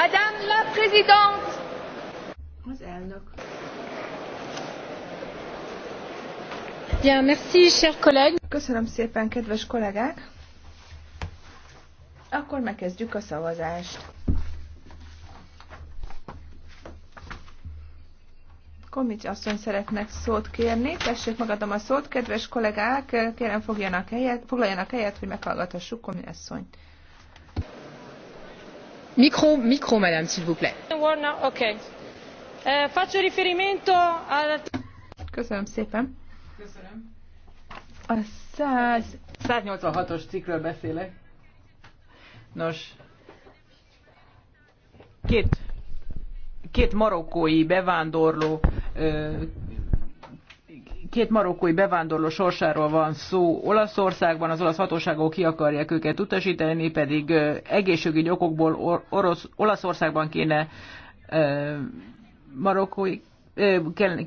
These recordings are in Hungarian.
Madame la Présidente! Az elnök. Bien, merci, chers collègues. Köszönöm szépen, kedves kollégák! Akkor megkezdjük a szavazást. Komics asszony szeretnek szót kérni. Tessék, magadom a szót. Kedves kollégák, kérem fogjanak helyet, foglaljanak helyet, hogy meghallgathassuk Komics asszonyt. Eh, faccio riferimento Köszönöm szépen. A 100... 186-os cikkről beszélek. Nos, két, két marokkói bevándorló ö, két marokkói bevándorló sorsáról van szó Olaszországban, az olasz hatóságok ki akarják őket utasítani, pedig egészségügyi okokból orosz, Olaszországban kéne marokkói,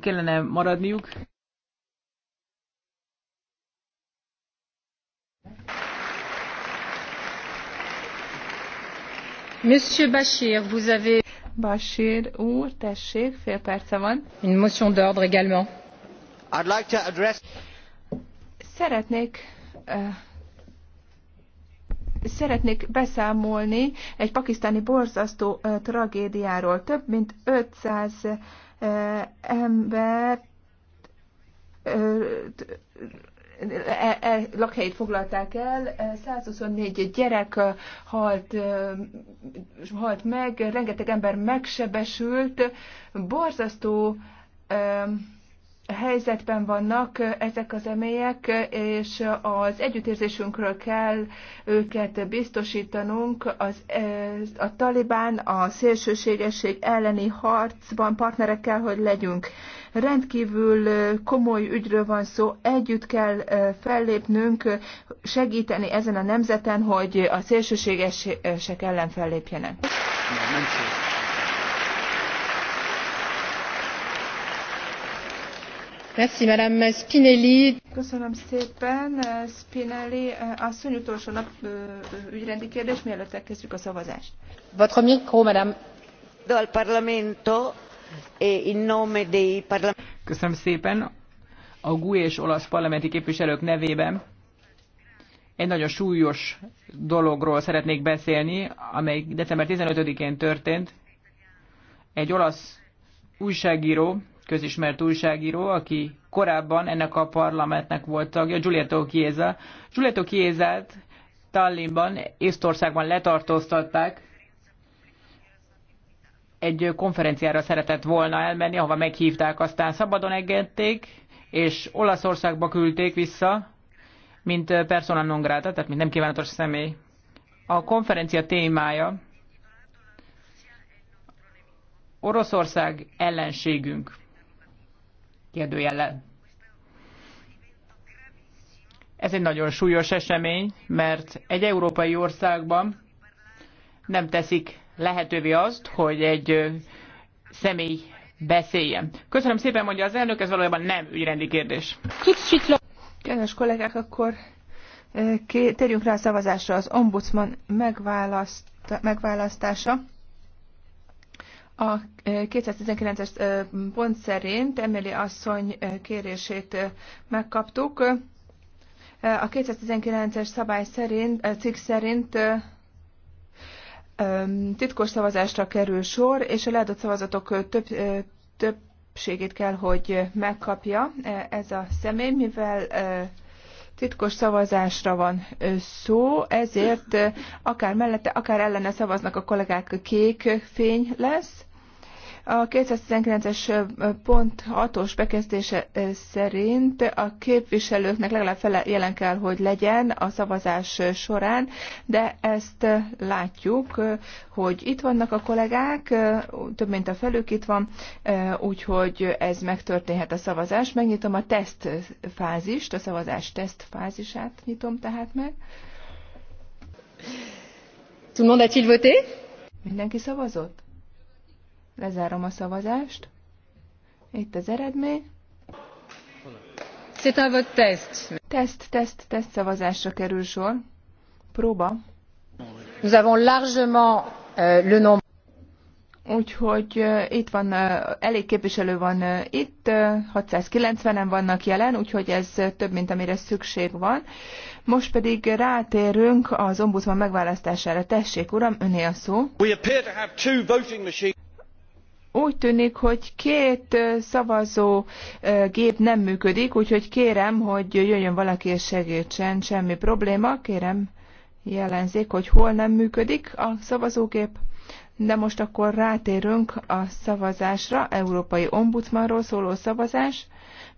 kellene maradniuk. Monsieur Bachir, vous avez... Bachir, úr, tessék, fél perce van. Une motion d'ordre également. Szeretnék szeretnék beszámolni egy pakisztáni borzasztó tragédiáról. Több mint 500 ember e, e, lakhelyét foglalták el, 124 gyerek halt, halt meg, rengeteg ember megsebesült, borzasztó helyzetben vannak ezek az emélyek, és az együttérzésünkről kell őket biztosítanunk. Az, a Talibán a szélsőségesség elleni harcban partnerekkel, hogy legyünk. Rendkívül komoly ügyről van szó, együtt kell fellépnünk, segíteni ezen a nemzeten, hogy a szélsőségesek ellen fellépjenek. Nem, nem Köszönöm szépen, Spinelli. Asszony utolsó nap ügyrendi kérdés, mielőtt elkezdjük a szavazást. Votre micro, Madame. Dal Parlamento, e in nome dei parlamenti. Köszönöm szépen. A GUE és olasz parlamenti képviselők nevében egy nagyon súlyos dologról szeretnék beszélni, amely december 15-én történt. Egy olasz újságíró közismert újságíró, aki korábban ennek a parlamentnek volt tagja, Giulietto Chiesa. Giulietto Chiesát Tallinnban, Észtországban letartóztatták. Egy konferenciára szeretett volna elmenni, ahova meghívták, aztán szabadon engedték, és Olaszországba küldték vissza, mint persona non grata, tehát mint nem kívánatos személy. A konferencia témája Oroszország ellenségünk kérdőjellel. Ez egy nagyon súlyos esemény, mert egy európai országban nem teszik lehetővé azt, hogy egy személy beszéljen. Köszönöm szépen, mondja az elnök, ez valójában nem ügyrendi kérdés. Kedves kollégák, akkor térjünk rá a szavazásra az ombudsman megválaszt, megválasztása. A 219-es eh, eh, pont szerint Emily asszony eh, kérését megkaptuk. A 219-es szabály szerint, cikk szerint titkos szavazásra kerül sor, és a leadott szavazatok több, többségét kell, hogy megkapja ez a személy, mivel titkos szavazásra van szó, ezért akár mellette, akár ellene szavaznak a kollégák, kék fény lesz, a 219-es pont 6-os bekezdése szerint a képviselőknek legalább fele jelen kell, hogy legyen a szavazás során, de ezt látjuk, hogy itt vannak a kollégák, több mint a felük itt van, úgyhogy ez megtörténhet a szavazás. Megnyitom a tesztfázist, a szavazás tesztfázisát nyitom tehát meg. Tout le monde a-t-il voté? Mindenki szavazott? Lezárom a szavazást. Itt az eredmény. Teszt, teszt, teszt szavazásra kerül sor. Próba. Nous avons largement euh, le nombre. Úgyhogy uh, itt van, uh, elég képviselő van uh, itt, uh, 690-en vannak jelen, úgyhogy ez uh, több, mint amire szükség van. Most pedig rátérünk az ombudsman megválasztására. Tessék, uram, öné a szó. We appear to have two voting machines úgy tűnik, hogy két szavazó gép nem működik, úgyhogy kérem, hogy jöjjön valaki és segítsen, semmi probléma, kérem jelenzék, hogy hol nem működik a szavazógép. De most akkor rátérünk a szavazásra, Európai Ombudsmanról szóló szavazás.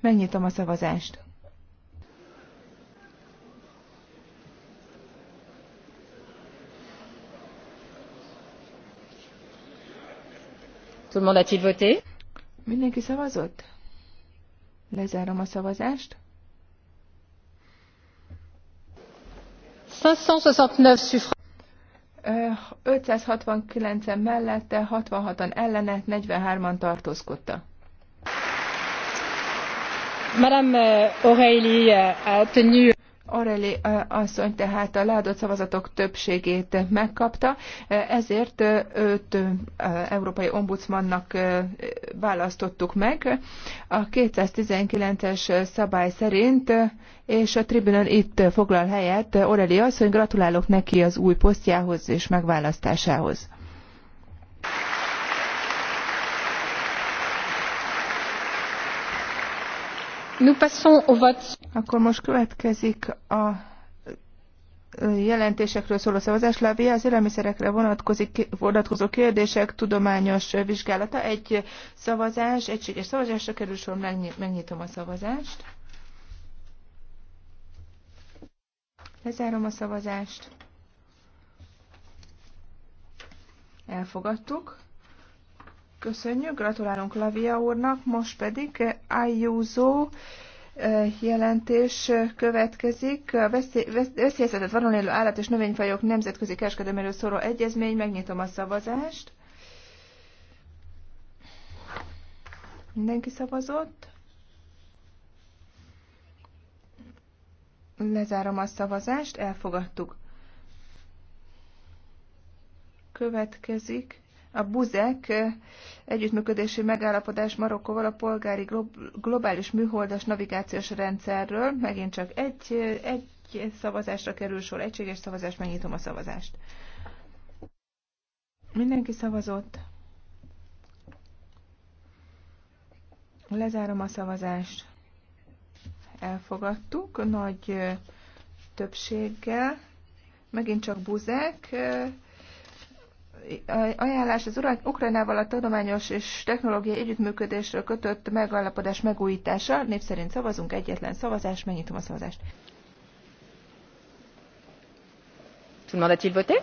Megnyitom a szavazást. Tout le monde a-t-il voté? Mindenki szavazott? Lezárom a szavazást. 569 suffrages. 569-en mellette, 66-an ellene, 43-an tartózkodta. Madame euh, Aurélie euh, a obtenu Aureli asszony tehát a leadott szavazatok többségét megkapta, ezért őt európai ombudsmannak választottuk meg. A 219-es szabály szerint, és a tribünön itt foglal helyet Aureli asszony, gratulálok neki az új posztjához és megválasztásához. Akkor most következik a jelentésekről szóló szavazás. Lavia az élelmiszerekre vonatkozik, vonatkozó kérdések tudományos vizsgálata. Egy szavazás, egységes szavazásra kerül sor, megnyitom a szavazást. Lezárom a szavazást. Elfogadtuk. Köszönjük, gratulálunk Lavia úrnak, most pedig Ayuso eh, jelentés eh, következik. A veszélyeztetett vadon élő állat és növényfajok nemzetközi kereskedelméről szóló egyezmény, megnyitom a szavazást. Mindenki szavazott. Lezárom a szavazást, elfogadtuk. Következik a BUZEK együttműködési megállapodás Marokkóval a polgári globális műholdas navigációs rendszerről. Megint csak egy, egy szavazásra kerül sor, egységes szavazás, megnyitom a szavazást. Mindenki szavazott. Lezárom a szavazást. Elfogadtuk nagy többséggel. Megint csak buzek ajánlás az Ukrajnával a tudományos és technológiai együttműködésről kötött megállapodás megújítása. Népszerint szavazunk, egyetlen szavazás, megnyitom a szavazást. Tout le monde a-t-il voté?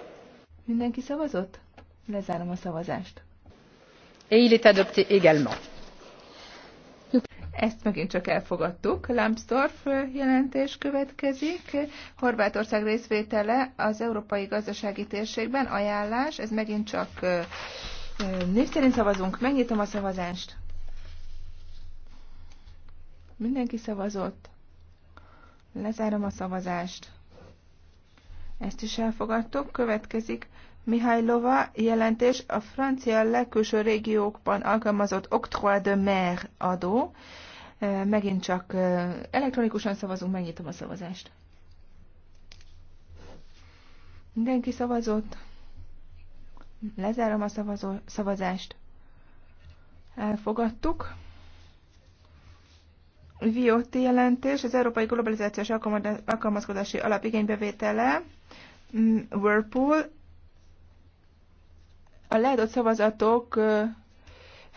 Mindenki szavazott? Lezárom a szavazást. Et il est adopté également. Ezt megint csak elfogadtuk. Lambsdorff jelentés következik. Horvátország részvétele az Európai Gazdasági Térségben ajánlás. Ez megint csak név szerint szavazunk. Megnyitom a szavazást. Mindenki szavazott. Lezárom a szavazást. Ezt is elfogadtuk. Következik Mihálylova jelentés a francia legkülső régiókban alkalmazott octroi de mer adó. Megint csak elektronikusan szavazunk, megnyitom a szavazást. Mindenki szavazott. Lezárom a szavazó, szavazást. Elfogadtuk. Viotti jelentés, az Európai Globalizációs Alkalmazkodási Alap igénybevétele, mm, Whirlpool, a leadott szavazatok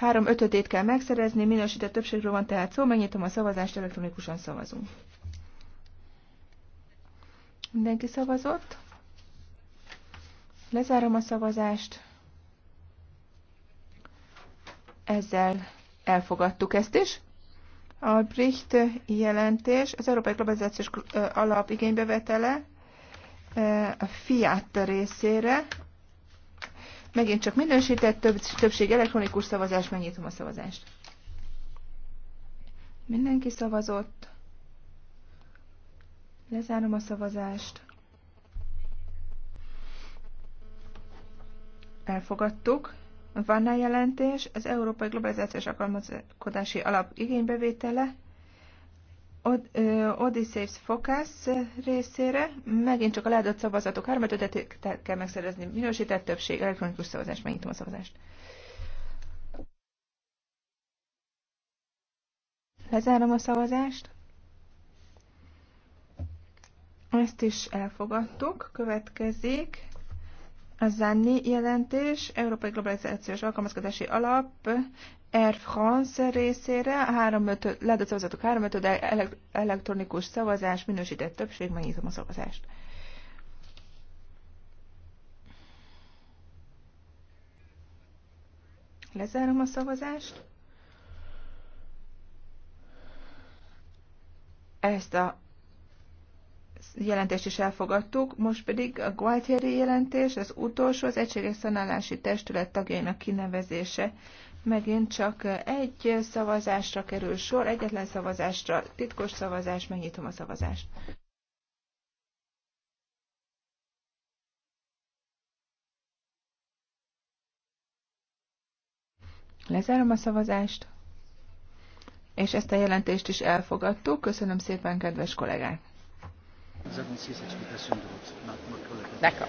Három ötötét kell megszerezni, minősített többségről van tehát szó, megnyitom a szavazást, elektronikusan szavazunk. Mindenki szavazott. Lezárom a szavazást. Ezzel elfogadtuk ezt is. Albrecht jelentés, az Európai Globalizációs Alap igénybevetele eh, a Fiat részére, Megint csak minősített több, többség elektronikus szavazás, megnyitom a szavazást. Mindenki szavazott. Lezárom a szavazást. Elfogadtuk. a jelentés, az Európai Globalizációs Alkalmazkodási Alap igénybevétele. Odysseus Fokász részére megint csak a leadott szavazatok harmadatot kell megszerezni. Minősített többség, elektronikus szavazás, megnyitom a szavazást. Lezárom a szavazást. Ezt is elfogadtuk. Következik a Zanni jelentés, Európai Globalizációs Alkalmazkodási Alap, Air France részére, három ötöd, szavazatok három ötöd, elektronikus szavazás, minősített többség, megnyitom a szavazást. Lezárom a szavazást. Ezt a jelentést is elfogadtuk, most pedig a Gualtieri jelentés, az utolsó, az Egységes Szanálási Testület tagjainak kinevezése. Megint csak egy szavazásra kerül sor, egyetlen szavazásra, titkos szavazás, megnyitom a szavazást. Lezárom a szavazást, és ezt a jelentést is elfogadtuk. Köszönöm szépen, kedves kollégák! D'accord.